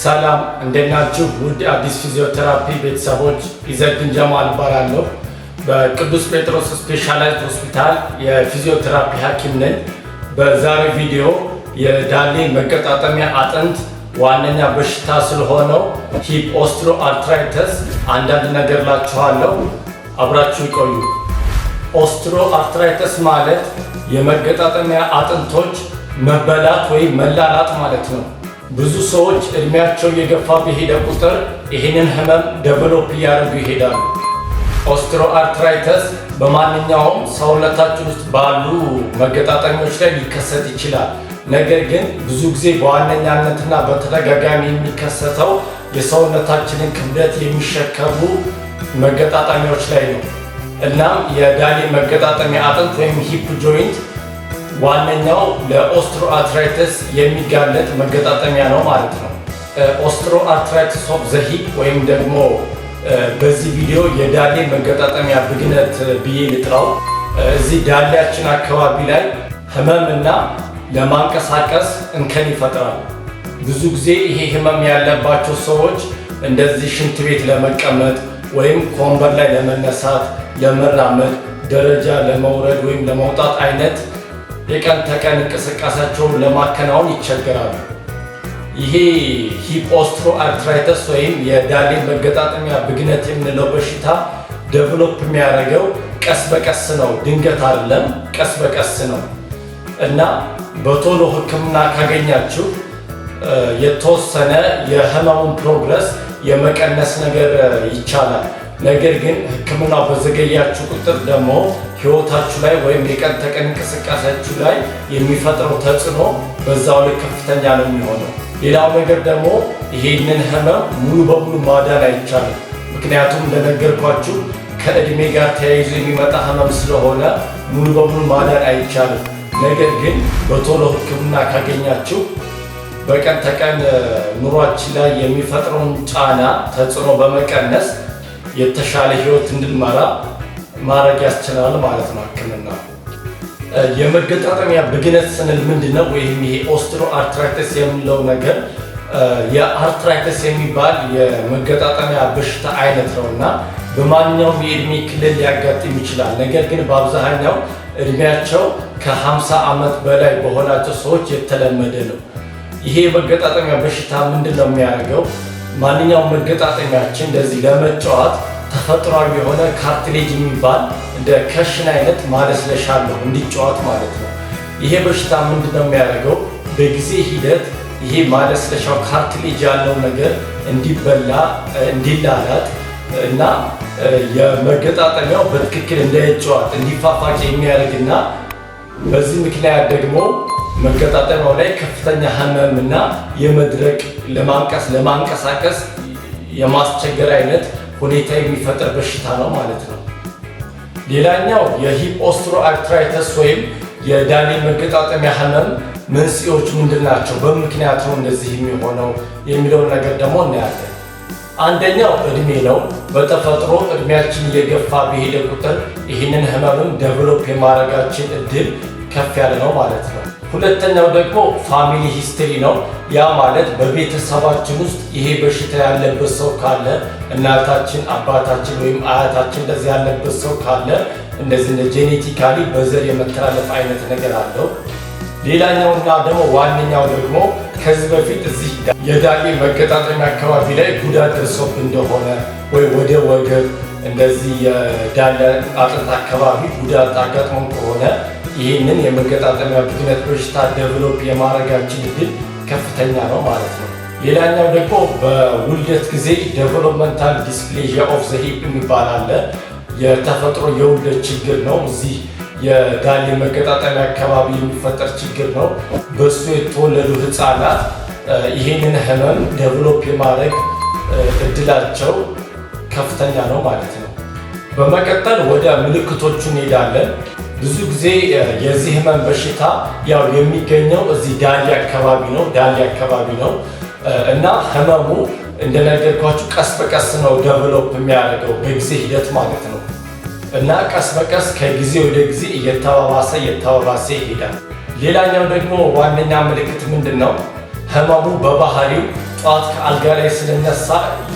ሰላም እንደናችሁ ውድ አዲስ ፊዚዮቴራፒ ቤተሰቦች፣ ኢዘድን ጀማል እባላለሁ። በቅዱስ ጴጥሮስ ስፔሻላይዝድ ሆስፒታል የፊዚዮቴራፒ ሐኪም ነኝ። በዛሬ ቪዲዮ የዳሌ መገጣጠሚያ አጥንት ዋነኛ በሽታ ስለሆነው ሂፕ ኦስትሮ አርትራይተስ አንዳንድ ነገር ላችኋለሁ። አብራችሁ ይቆዩ። ኦስትሮ አርትራይተስ ማለት የመገጣጠሚያ አጥንቶች መበላት ወይም መላላት ማለት ነው። ብዙ ሰዎች እድሜያቸው የገፋ በሄደ ቁጥር ይህንን ህመም ደቨሎፕ እያደረጉ ይሄዳሉ። ኦስትሮ አርትራይተስ በማንኛውም ሰውነታችን ውስጥ ባሉ መገጣጠሚያዎች ላይ ሊከሰት ይችላል። ነገር ግን ብዙ ጊዜ በዋነኛነትና በተደጋጋሚ የሚከሰተው የሰውነታችንን ክብደት የሚሸከሙ መገጣጠሚያዎች ላይ ነው። እናም የዳሌ መገጣጠሚያ አጥንት ወይም ሂፕ ጆይንት ዋነኛው ለኦስትሮ የሚጋለጥ መገጣጠሚያ ነው ማለት ነው። ኦስትሮ ኦፍ ዘ ሂፕ ወይም ደግሞ በዚህ ቪዲዮ የዳሌ መገጣጠሚያ ብግነት ብዬ ልጥራው። እዚህ ዳሌያችን አካባቢ ላይ ህመምና ለማንቀሳቀስ እንከን ይፈጥራል። ብዙ ጊዜ ይሄ ህመም ያለባቸው ሰዎች እንደዚህ ሽንት ቤት ለመቀመጥ ወይም ከወንበር ላይ ለመነሳት፣ ለመራመድ፣ ደረጃ ለመውረድ ወይም ለመውጣት አይነት የቀን ተቀን እንቅስቃሴያቸውን ለማከናወን ይቸገራሉ። ይሄ ሂፖስትሮ አርትራይተስ ወይም የዳሌን መገጣጠሚያ ብግነት የምንለው በሽታ ደቨሎፕ የሚያደርገው ቀስ በቀስ ነው። ድንገት አይደለም፣ ቀስ በቀስ ነው እና በቶሎ ሕክምና ካገኛችሁ የተወሰነ የህመሙን ፕሮግረስ የመቀነስ ነገር ይቻላል። ነገር ግን ህክምናው በዘገያችሁ ቁጥር ደግሞ ህይወታችሁ ላይ ወይም የቀን ተቀን እንቅስቃሴያችሁ ላይ የሚፈጥረው ተጽዕኖ በዛው ላይ ከፍተኛ ነው የሚሆነው። ሌላው ነገር ደግሞ ይሄንን ህመም ሙሉ በሙሉ ማዳን አይቻልም። ምክንያቱም እንደነገርኳችሁ ከእድሜ ጋር ተያይዞ የሚመጣ ህመም ስለሆነ ሙሉ በሙሉ ማዳን አይቻልም። ነገር ግን በቶሎ ህክምና ካገኛችሁ በቀን ተቀን ኑሯችን ላይ የሚፈጥረውን ጫና ተጽዕኖ በመቀነስ የተሻለ ህይወት እንድንመራ ማድረግ ያስችላል ማለት ነው። ህክምና የመገጣጠሚያ ብግነት ስንል ምንድን ነው? ወይም ይሄ ኦስትሮ አርትራይተስ የምለው ነገር የአርትራይተስ የሚባል የመገጣጠሚያ በሽታ አይነት ነው እና በማንኛውም የእድሜ ክልል ሊያጋጥም ይችላል። ነገር ግን በአብዛኛው እድሜያቸው ከ50 ዓመት በላይ በሆናቸው ሰዎች የተለመደ ነው። ይሄ የመገጣጠሚያ በሽታ ምንድን ነው የሚያደርገው? ማንኛውም መገጣጠሚያችን እንደዚህ ለመጫወት ተፈጥሯዊ የሆነ ካርትሌጅ የሚባል እንደ ከሽን አይነት ማለስለሻ አለው እንዲጫወት ማለት ነው። ይሄ በሽታ ምንድነው የሚያደርገው? በጊዜ ሂደት ይሄ ማለስለሻው ካርትሌጅ ያለው ነገር እንዲበላ እንዲላላት እና የመገጣጠሚያው በትክክል እንዳይጫወት እንዲፋፋቅ የሚያደርግና በዚህ ምክንያት ደግሞ መገጣጠሚያው ላይ ከፍተኛ ህመም እና የመድረቅ ለማንቀስ ለማንቀሳቀስ የማስቸገር አይነት ሁኔታ የሚፈጠር በሽታ ነው ማለት ነው። ሌላኛው የሂፖስትሮ አርትራይተስ ወይም የዳሌ መገጣጠሚያ ህመም መንስኤዎች ምንድን ናቸው? በምክንያት ነው እንደዚህ የሚሆነው የሚለውን ነገር ደግሞ እናያለን። አንደኛው እድሜ ነው። በተፈጥሮ እድሜያችን እየገፋ በሄደ ቁጥር ይህንን ህመምን ደቨሎፕ የማድረጋችን እድል ከፍ ያለ ነው ማለት ነው። ሁለተኛው ደግሞ ፋሚሊ ሂስትሪ ነው። ያ ማለት በቤተሰባችን ውስጥ ይሄ በሽታ ያለበት ሰው ካለ እናታችን፣ አባታችን ወይም አያታችን እንደዚህ ያለበት ሰው ካለ እንደዚህ ጄኔቲካሊ በዘር የመተላለፍ አይነት ነገር አለው። ሌላኛውና ደግሞ ዋነኛው ደግሞ ከዚህ በፊት እዚህ የዳሌ መገጣጠሚያ አካባቢ ላይ ጉዳት ደርሶብ እንደሆነ ወይ ወደ ወገብ እንደዚህ የዳለ አጥንት አካባቢ ጉዳት አጋጥሞን ከሆነ ይህንን የመገጣጠሚያ ብክነት በሽታ ደቨሎፕ የማድረጋችን እድል ከፍተኛ ነው ማለት ነው። ሌላኛው ደግሞ በውልደት ጊዜ ዴቨሎፕመንታል ዲስፕሌዥያ ኦፍ ዘ ሂፕ የሚባል አለ። የተፈጥሮ የውልደት ችግር ነው። እዚህ የዳሌ መገጣጠሚያ አካባቢ የሚፈጠር ችግር ነው። በእሱ የተወለዱ ህፃናት ይህንን ህመም ዴቨሎፕ የማድረግ እድላቸው ከፍተኛ ነው ማለት ነው። በመቀጠል ወደ ምልክቶቹ እንሄዳለን። ብዙ ጊዜ የዚህ ህመም በሽታ ያው የሚገኘው እዚህ ዳሊ አካባቢ ነው ዳሊ አካባቢ ነው እና ህመሙ እንደነገርኳችሁ ቀስ በቀስ ነው ደቨሎፕ የሚያደርገው በጊዜ ሂደት ማለት ነው እና ቀስ በቀስ ከጊዜ ወደ ጊዜ እየተባባሰ እየተባባሰ ይሄዳል። ሌላኛው ደግሞ ዋነኛ ምልክት ምንድን ነው? ህመሙ በባህሪው ጠዋት ከአልጋ ላይ ስንነሳ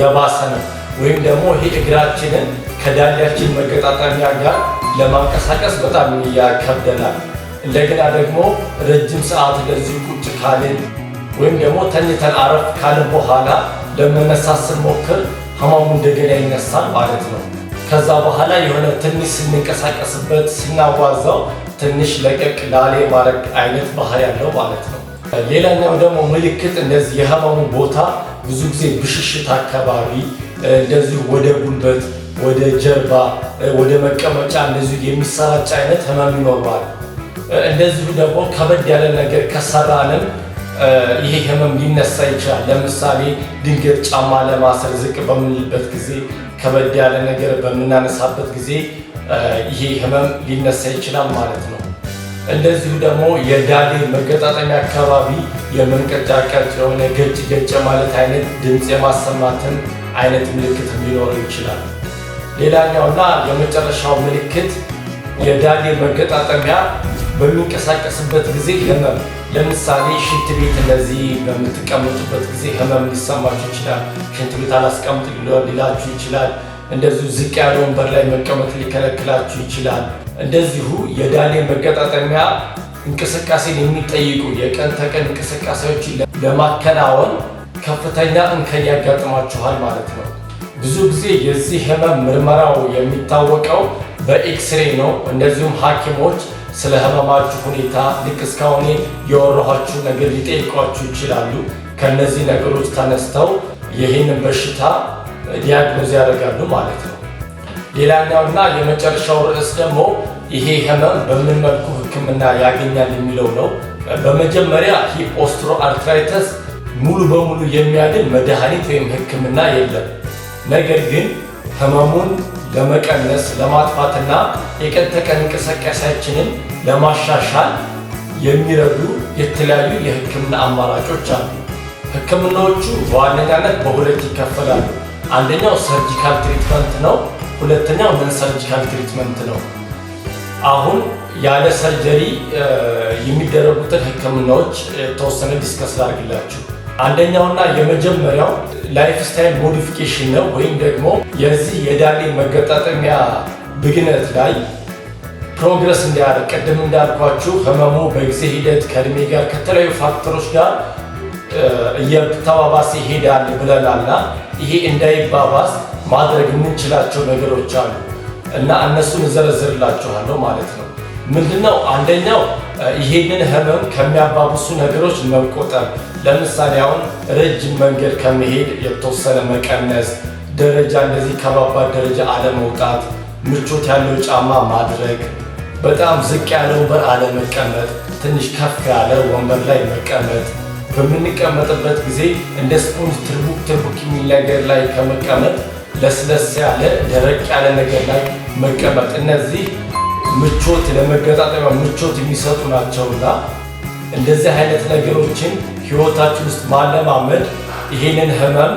የባሰ ነው። ወይም ደግሞ ይሄ እግራችንን ከዳሊያችን መገጣጠሚያ ጋር ለማንቀሳቀስ በጣም ያከብደናል። እንደገና ደግሞ ረጅም ሰዓት ለዚህ ቁጭ ካልን ወይም ደግሞ ተኝተን አረፍ ካልን በኋላ ለመነሳት ስንሞክር ህመሙ እንደገና ይነሳል ማለት ነው። ከዛ በኋላ የሆነ ትንሽ ስንንቀሳቀስበት ስናዋዛው ትንሽ ለቀቅ ላሌ ማረቅ አይነት ባህሪ ያለው ማለት ነው። ሌላኛው ደግሞ ምልክት እንደዚህ የህመሙ ቦታ ብዙ ጊዜ ብሽሽት አካባቢ እንደዚሁ ወደ ጉልበት፣ ወደ ጀርባ፣ ወደ መቀመጫ እንደዚሁ የሚሰራጭ አይነት ህመም ይኖረዋል። እንደዚሁ ደግሞ ከበድ ያለ ነገር ከሰራንም ይሄ ህመም ሊነሳ ይችላል። ለምሳሌ ድንገት ጫማ ለማሰር ዝቅ በምንልበት ጊዜ፣ ከበድ ያለ ነገር በምናነሳበት ጊዜ ይሄ ህመም ሊነሳ ይችላል ማለት ነው። እንደዚሁ ደግሞ የዳሌ መገጣጠሚያ አካባቢ የመንቀጫቀጭ የሆነ ገጭ ገጭ ማለት አይነት ድምፅ የማሰማትን አይነት ምልክት ሊኖር ይችላል። ሌላኛውና የመጨረሻው ምልክት የዳሌ መገጣጠሚያ በሚንቀሳቀስበት ጊዜ ህመም፣ ለምሳሌ ሽንት ቤት እንደዚህ በምትቀመጡበት ጊዜ ህመም ሊሰማችሁ ይችላል። ሽንት ቤት አላስቀምጥ ሊላችሁ ይችላል። እንደዚሁ ዝቅ ያለ ወንበር ላይ መቀመጥ ሊከለክላችሁ ይችላል። እንደዚሁ የዳሌ መገጣጠሚያ እንቅስቃሴን የሚጠይቁ የቀን ተቀን እንቅስቃሴዎችን ለማከናወን ከፍተኛ እንከን ያጋጥማችኋል ማለት ነው። ብዙ ጊዜ የዚህ ህመም ምርመራው የሚታወቀው በኤክስሬ ነው። እንደዚሁም ሐኪሞች ስለ ህመማችሁ ሁኔታ ልክ እስካሁን ነገር ሊጠይቋችሁ ይችላሉ። ከእነዚህ ነገሮች ተነስተው ይህንን በሽታ ዲያግኖዝ ያደርጋሉ ማለት ነው። ሌላኛውና የመጨረሻው ርዕስ ደግሞ ይሄ ህመም በምን መልኩ ህክምና ያገኛል የሚለው ነው። በመጀመሪያ ሂፕ ኦስትሮ አርትራይተስ ሙሉ በሙሉ የሚያድን መድኃኒት ወይም ሕክምና የለም። ነገር ግን ህመሙን ለመቀነስ ለማጥፋትና የቀን ተቀን እንቅስቃሴያችንን ለማሻሻል የሚረዱ የተለያዩ የህክምና አማራጮች አሉ። ህክምናዎቹ በዋነኛነት በሁለት ይከፈላሉ። አንደኛው ሰርጂካል ትሪትመንት ነው። ሁለተኛው ምን ሰርጂካል ትሪትመንት ነው። አሁን ያለ ሰርጀሪ የሚደረጉትን ህክምናዎች የተወሰነ ዲስከስ ላድርግላችሁ። አንደኛውና የመጀመሪያው ላይፍ ስታይል ሞዲፊኬሽን ነው ወይም ደግሞ የዚህ የዳሌ መገጣጠሚያ ብግነት ላይ ፕሮግረስ እንዲያደርግ ቅድም እንዳልኳችሁ ህመሙ በጊዜ ሂደት ከእድሜ ጋር ከተለያዩ ፋክተሮች ጋር እየተባባሰ ይሄዳል ብለናልና ይሄ እንዳይባባስ ማድረግ የምንችላቸው ነገሮች አሉ እና እነሱን እዘረዝርላችኋለሁ ማለት ነው። ምንድነው አንደኛው ይህንን ህመም ከሚያባብሱ ነገሮች መቆጠብ፣ ለምሳሌ አሁን ረጅም መንገድ ከመሄድ የተወሰነ መቀነስ፣ ደረጃ እንደዚህ ከባባድ ደረጃ አለመውጣት፣ ምቾት ያለው ጫማ ማድረግ፣ በጣም ዝቅ ያለ ወንበር አለመቀመጥ፣ ትንሽ ከፍ ያለ ወንበር ላይ መቀመጥ፣ በምንቀመጥበት ጊዜ እንደ ስፖንጅ ትርቡክ ትርቡክ የሚል ነገር ላይ ከመቀመጥ ለስለስ ያለ ደረቅ ያለ ነገር ላይ መቀመጥ እነዚህ ምቾት ለመገጣጠሚያ ምቾት የሚሰጡ ናቸውና እንደዚህ አይነት ነገሮችን ህይወታችን ውስጥ ማለማመድ ይህንን ህመም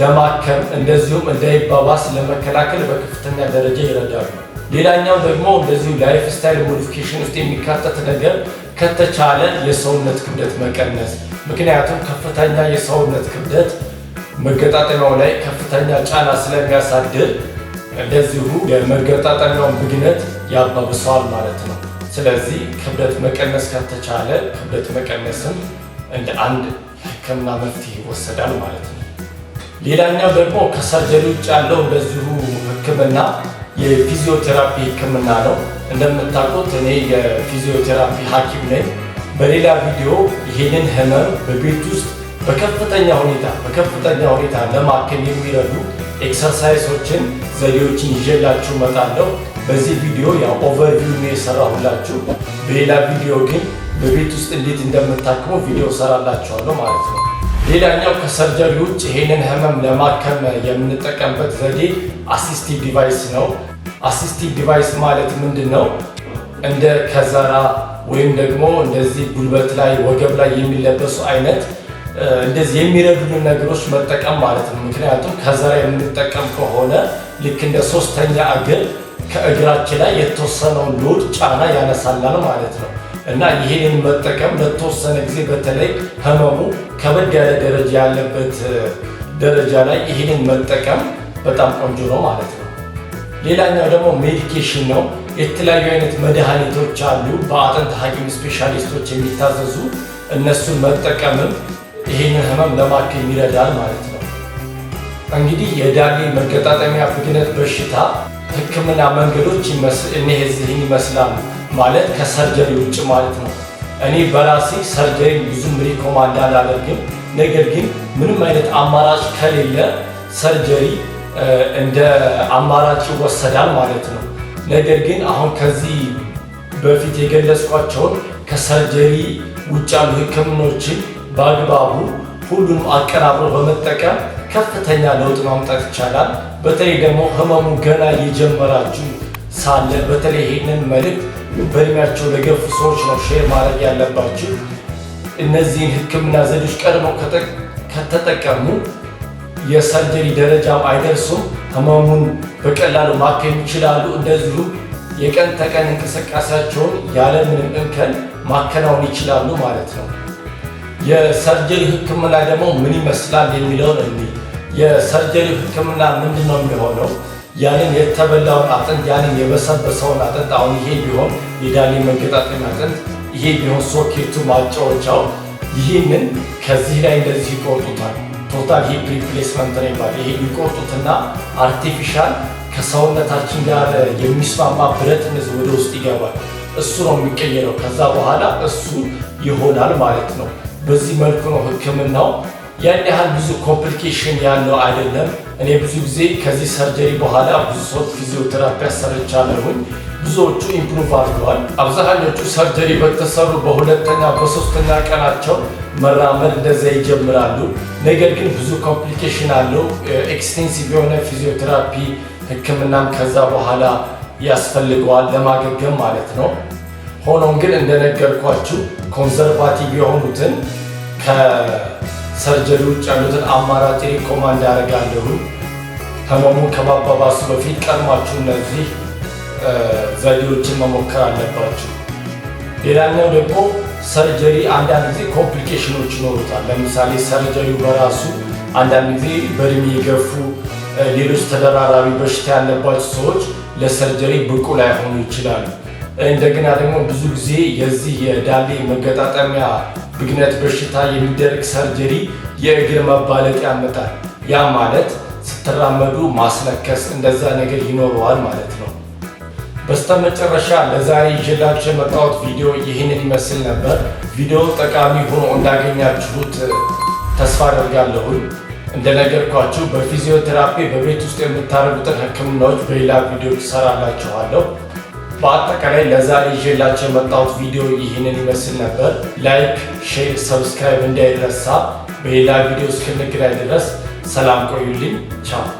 ለማከም እንደዚሁም እንዳይባባስ ለመከላከል በከፍተኛ ደረጃ ይረዳሉ። ሌላኛው ደግሞ እንደዚሁ ላይፍ ስታይል ሞዲፊኬሽን ውስጥ የሚካተት ነገር ከተቻለ የሰውነት ክብደት መቀነስ። ምክንያቱም ከፍተኛ የሰውነት ክብደት መገጣጠሚያው ላይ ከፍተኛ ጫና ስለሚያሳድር እንደዚሁ የመገጣጠሚያውን ብግነት ያባብሰዋል ማለት ነው። ስለዚህ ክብደት መቀነስ ከተቻለ ክብደት መቀነስም እንደ አንድ ሕክምና መፍትሄ ይወሰዳል ማለት ነው። ሌላኛው ደግሞ ከሰርጀሪ ውጭ ያለው እንደዚሁ ሕክምና የፊዚዮቴራፒ ሕክምና ነው። እንደምታውቁት እኔ የፊዚዮቴራፒ ሐኪም ነኝ። በሌላ ቪዲዮ ይህንን ህመም በቤት ውስጥ በከፍተኛ ሁኔታ በከፍተኛ ሁኔታ ለማከም የሚረዱ ኤክሰርሳይሶችን ዘዴዎችን ይዤላችሁ እመጣለሁ። በዚህ ቪዲዮ ያው ኦቨርቪው ነው የሰራሁላችሁ። በሌላ ቪዲዮ ግን በቤት ውስጥ እንዴት እንደምታክሙ ቪዲዮ ሰራላችኋለሁ ማለት ነው። ሌላኛው ከሰርጀሪ ውጭ ይሄንን ህመም ለማከም የምንጠቀምበት ዘዴ አሲስቲቭ ዲቫይስ ነው። አሲስቲቭ ዲቫይስ ማለት ምንድን ነው? እንደ ከዘራ ወይም ደግሞ እንደዚህ ጉልበት ላይ ወገብ ላይ የሚለበሱ አይነት እንደዚህ የሚረዱን ነገሮች መጠቀም ማለት ነው። ምክንያቱም ከዘራ የምንጠቀም ከሆነ ልክ እንደ ሶስተኛ እግር ከእግራችን ላይ የተወሰነውን ሎድ ጫና ያነሳላል ማለት ነው እና ይህንን መጠቀም ለተወሰነ ጊዜ በተለይ ህመሙ ከበድ ያለ ደረጃ ያለበት ደረጃ ላይ ይህንን መጠቀም በጣም ቆንጆ ነው ማለት ነው። ሌላኛው ደግሞ ሜዲኬሽን ነው። የተለያዩ አይነት መድኃኒቶች አሉ፣ በአጥንት ሐኪም ስፔሻሊስቶች የሚታዘዙ እነሱን መጠቀምም ይህንን ህመም ለማከም ይረዳል ማለት ነው። እንግዲህ የዳሌ መገጣጠሚያ ብግነት በሽታ ህክምና መንገዶች እነዚህን ይመስላሉ ማለት ከሰርጀሪ ውጭ ማለት ነው። እኔ በራሴ ሰርጀሪ ብዙም ሪኮማንድ አላደርግም። ነገር ግን ምንም አይነት አማራጭ ከሌለ ሰርጀሪ እንደ አማራጭ ይወሰዳል ማለት ነው። ነገር ግን አሁን ከዚህ በፊት የገለጽኳቸውን ከሰርጀሪ ውጭ ያሉ ህክምኖችን በአግባቡ ሁሉም አቀራብሮ በመጠቀም ከፍተኛ ለውጥ ማምጣት ይቻላል። በተለይ ደግሞ ህመሙ ገና እየጀመራችሁ ሳለ በተለይ ይህንን መልእክት በእድሜያቸው ለገፉ ሰዎች ነው ሼር ማድረግ ያለባችሁ። እነዚህን ህክምና ዘዴዎች ቀድመው ከተጠቀሙ የሰርጀሪ ደረጃም አይደርሱም። ህመሙን በቀላሉ ማከም ይችላሉ። እንደዚሁ የቀን ተቀን እንቅስቃሴያቸውን ያለምንም እንከን ማከናወን ይችላሉ ማለት ነው። የሰርጀሪ ህክምና ደግሞ ምን ይመስላል የሚለውን እ የሰርጀሪ ህክምና ምንድን ነው የሚሆነው? ያንን የተበላውን አጥንት ያንን የበሰበሰውን አጥንት አሁን ይሄ ቢሆን የዳሊ መንገጣጠሚያ አጥንት ይሄ ቢሆን ሶኬቱ ማጫወቻው፣ ይህንን ከዚህ ላይ እንደዚህ ይቆርጡታል። ቶታል ሂፕ ፕሪፕሌስመንት ነው ይባል። ይሄ የሚቆርጡትና አርቲፊሻል ከሰውነታችን ጋር የሚስማማ ብረት ወደ ውስጥ ይገባል። እሱ ነው የሚቀየረው። ከዛ በኋላ እሱ ይሆናል ማለት ነው። በዚህ መልኩ ነው ህክምናው ያን ያህል ብዙ ኮምፕሊኬሽን ያለው አይደለም። እኔ ብዙ ጊዜ ከዚህ ሰርጀሪ በኋላ ብዙ ሰው ፊዚዮቴራፒ ሰርቻለሁኝ። ብዙዎቹ ኢምፕሩቭ አድርገዋል። አብዛኞቹ ሰርጀሪ በተሰሩ በሁለተኛ በሶስተኛ ቀናቸው መራመድ እንደዚያ ይጀምራሉ። ነገር ግን ብዙ ኮምፕሊኬሽን አለው። ኤክስቴንሲቭ የሆነ ፊዚዮቴራፒ ህክምናም ከዛ በኋላ ያስፈልገዋል ለማገገም ማለት ነው። ሆኖም ግን እንደነገርኳችሁ ኮንሰርቫቲቭ የሆኑትን ከሰርጀሪ ውጭ ያሉትን አማራጭ ሪኮማንድ ያደርጋለሁ። ህመሙን ከማባባሱ በፊት ቀድማችሁ እነዚህ ዘዴዎችን መሞከር አለባችሁ። ሌላኛው ደግሞ ሰርጀሪ አንዳንድ ጊዜ ኮምፕሊኬሽኖች ይኖሩታል። ለምሳሌ ሰርጀሪው በራሱ አንዳንድ ጊዜ በእድሜ የገፉ ሌሎች ተደራራቢ በሽታ ያለባቸው ሰዎች ለሰርጀሪ ብቁ ላይሆኑ ይችላሉ። እንደገና ደግሞ ብዙ ጊዜ የዚህ የዳሌ መገጣጠሚያ ብግነት በሽታ የሚደረግ ሰርጀሪ የእግር መባለጥ ያመጣል። ያ ማለት ስትራመዱ ማስለከስ እንደዛ ነገር ይኖረዋል ማለት ነው። በስተመጨረሻ ለዛሬ ይዤላችሁ የመጣሁት ቪዲዮ ይህንን ይመስል ነበር። ቪዲዮ ጠቃሚ ሆኖ እንዳገኛችሁት ተስፋ አደርጋለሁኝ። እንደነገርኳችሁ በፊዚዮቴራፒ በቤት ውስጥ የምታደርጉትን ህክምናዎች በሌላ ቪዲዮ ትሰራላችኋለሁ። በአጠቃላይ ለዛሬ ይዤላቸው የመጣሁት ቪዲዮ ይህንን ይመስል ነበር። ላይክ፣ ሼር፣ ሰብስክራይብ እንዳይረሳ። በሌላ ቪዲዮ እስክንገናኝ ድረስ ሰላም ቆዩልኝ። ቻው